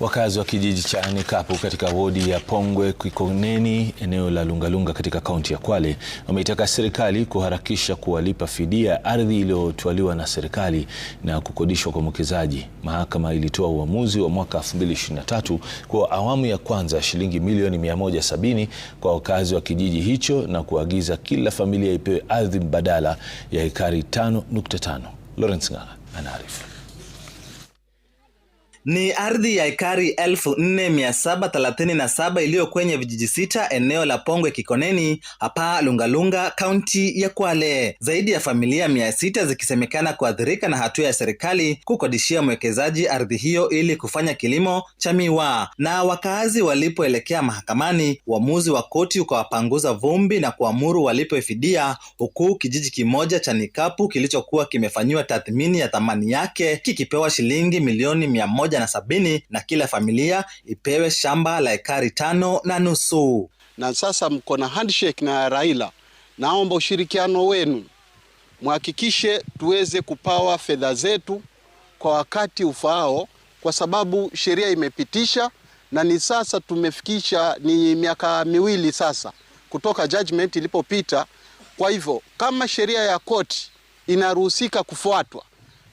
Wakazi wa kijiji cha nikapu katika wodi ya Pongwe Kikoneni eneo la Lungalunga katika kaunti ya Kwale wameitaka serikali kuharakisha kuwalipa fidia ardhi iliyotwaliwa na serikali na kukodishwa kwa mwekezaji. Mahakama ilitoa uamuzi wa mwaka 2023 kwa awamu ya kwanza shilingi milioni 170 kwa wakazi wa kijiji hicho na kuagiza kila familia ipewe ardhi mbadala ya ekari 5.5. Lawrence Ng'ala anaarifu. Ni ardhi ya ekari 4737 iliyo kwenye vijiji sita eneo la Pongwe Kikoneni hapa Lungalunga kaunti ya Kwale. Zaidi ya familia mia sita zikisemekana kuathirika na hatua ya serikali kukodishia mwekezaji ardhi hiyo ili kufanya kilimo cha miwa. Na wakaazi walipoelekea mahakamani, uamuzi wa koti ukawapanguza vumbi na kuamuru walipwe fidia, huku kijiji kimoja cha Nikapu kilichokuwa kimefanyiwa tathmini ya thamani yake kikipewa shilingi milioni mia moja moja na sabini na kila familia ipewe shamba la ekari tano na nusu. Na sasa mko na handshake na Raila, naomba ushirikiano wenu mhakikishe tuweze kupawa fedha zetu kwa wakati ufaao, kwa sababu sheria imepitisha na ni sasa tumefikisha ni miaka miwili sasa kutoka judgment ilipopita. Kwa hivyo kama sheria ya koti inaruhusika kufuatwa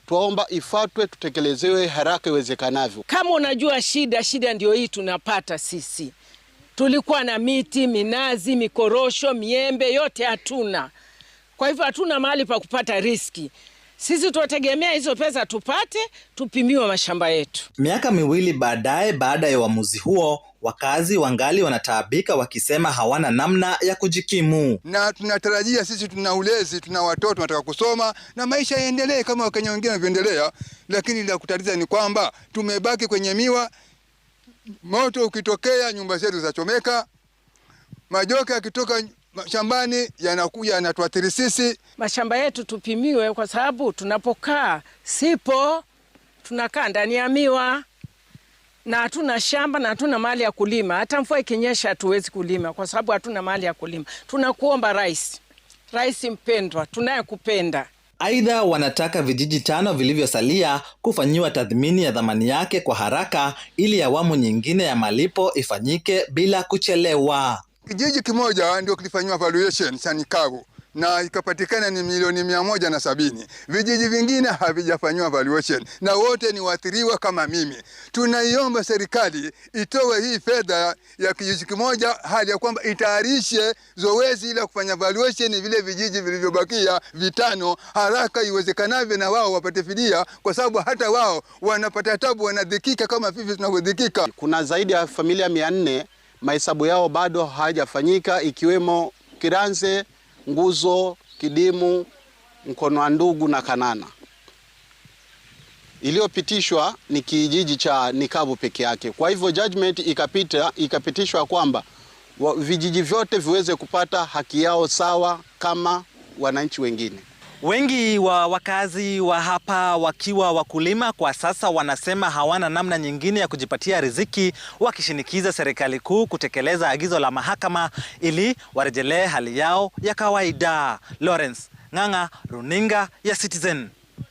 twaomba ifatwe tutekelezewe haraka iwezekanavyo. Kama unajua shida, shida ndio hii tunapata sisi. Tulikuwa na miti, minazi, mikorosho, miembe yote hatuna. Kwa hivyo hatuna mahali pa kupata riski. Sisi tuwategemea hizo pesa tupate tupimiwe mashamba yetu. Miaka miwili baadaye, baada ya uamuzi huo, wakazi wangali wanataabika wakisema hawana namna ya kujikimu. Na tunatarajia sisi, tuna ulezi, tuna watoto wanataka kusoma na maisha yaendelee kama Wakenya wengine wanavyoendelea, lakini la kutatiza ni kwamba tumebaki kwenye miwa. Moto ukitokea nyumba zetu zitachomeka, majoka yakitoka mashambani yanakuja yanatuathiri sisi. Mashamba yetu tupimiwe, kwa sababu tunapokaa sipo, tunakaa ndani ya miwa na hatuna shamba na hatuna mali ya kulima. Hata mvua ikinyesha hatuwezi kulima kwa sababu hatuna mali ya kulima. Tunakuomba Rais, Rais mpendwa, tunayekupenda. Aidha, wanataka vijiji tano vilivyosalia kufanyiwa tathmini ya dhamani yake kwa haraka ili awamu nyingine ya malipo ifanyike bila kuchelewa kijiji kimoja ndio kilifanywa valuation sanikavu na ikapatikana ni milioni mia moja na sabini. Vijiji vingine havijafanywa valuation na wote ni waathiriwa kama mimi. Tunaiomba serikali itoe hii fedha ya kijiji kimoja, hali ya kwamba itayarishe zoezi la kufanya valuation vile vijiji vilivyobakia vitano haraka iwezekanavyo, na wao wapate fidia, kwa sababu hata wao wanapata tabu, wanadhikika kama vivi tunavyodhikika. Kuna zaidi ya familia mia nne mahesabu yao bado hayajafanyika, ikiwemo Kiranze, Nguzo, Kidimu, Mkono wa Ndugu na Kanana. Iliyopitishwa ni kijiji cha Nikabu peke yake. Kwa hivyo judgment ikapita, ikapitishwa kwamba vijiji vyote viweze kupata haki yao sawa kama wananchi wengine. Wengi wa wakazi wa hapa wakiwa wakulima kwa sasa wanasema hawana namna nyingine ya kujipatia riziki, wakishinikiza serikali kuu kutekeleza agizo la mahakama ili warejelee hali yao ya kawaida. Lawrence Ng'ang'a, Runinga ya Citizen.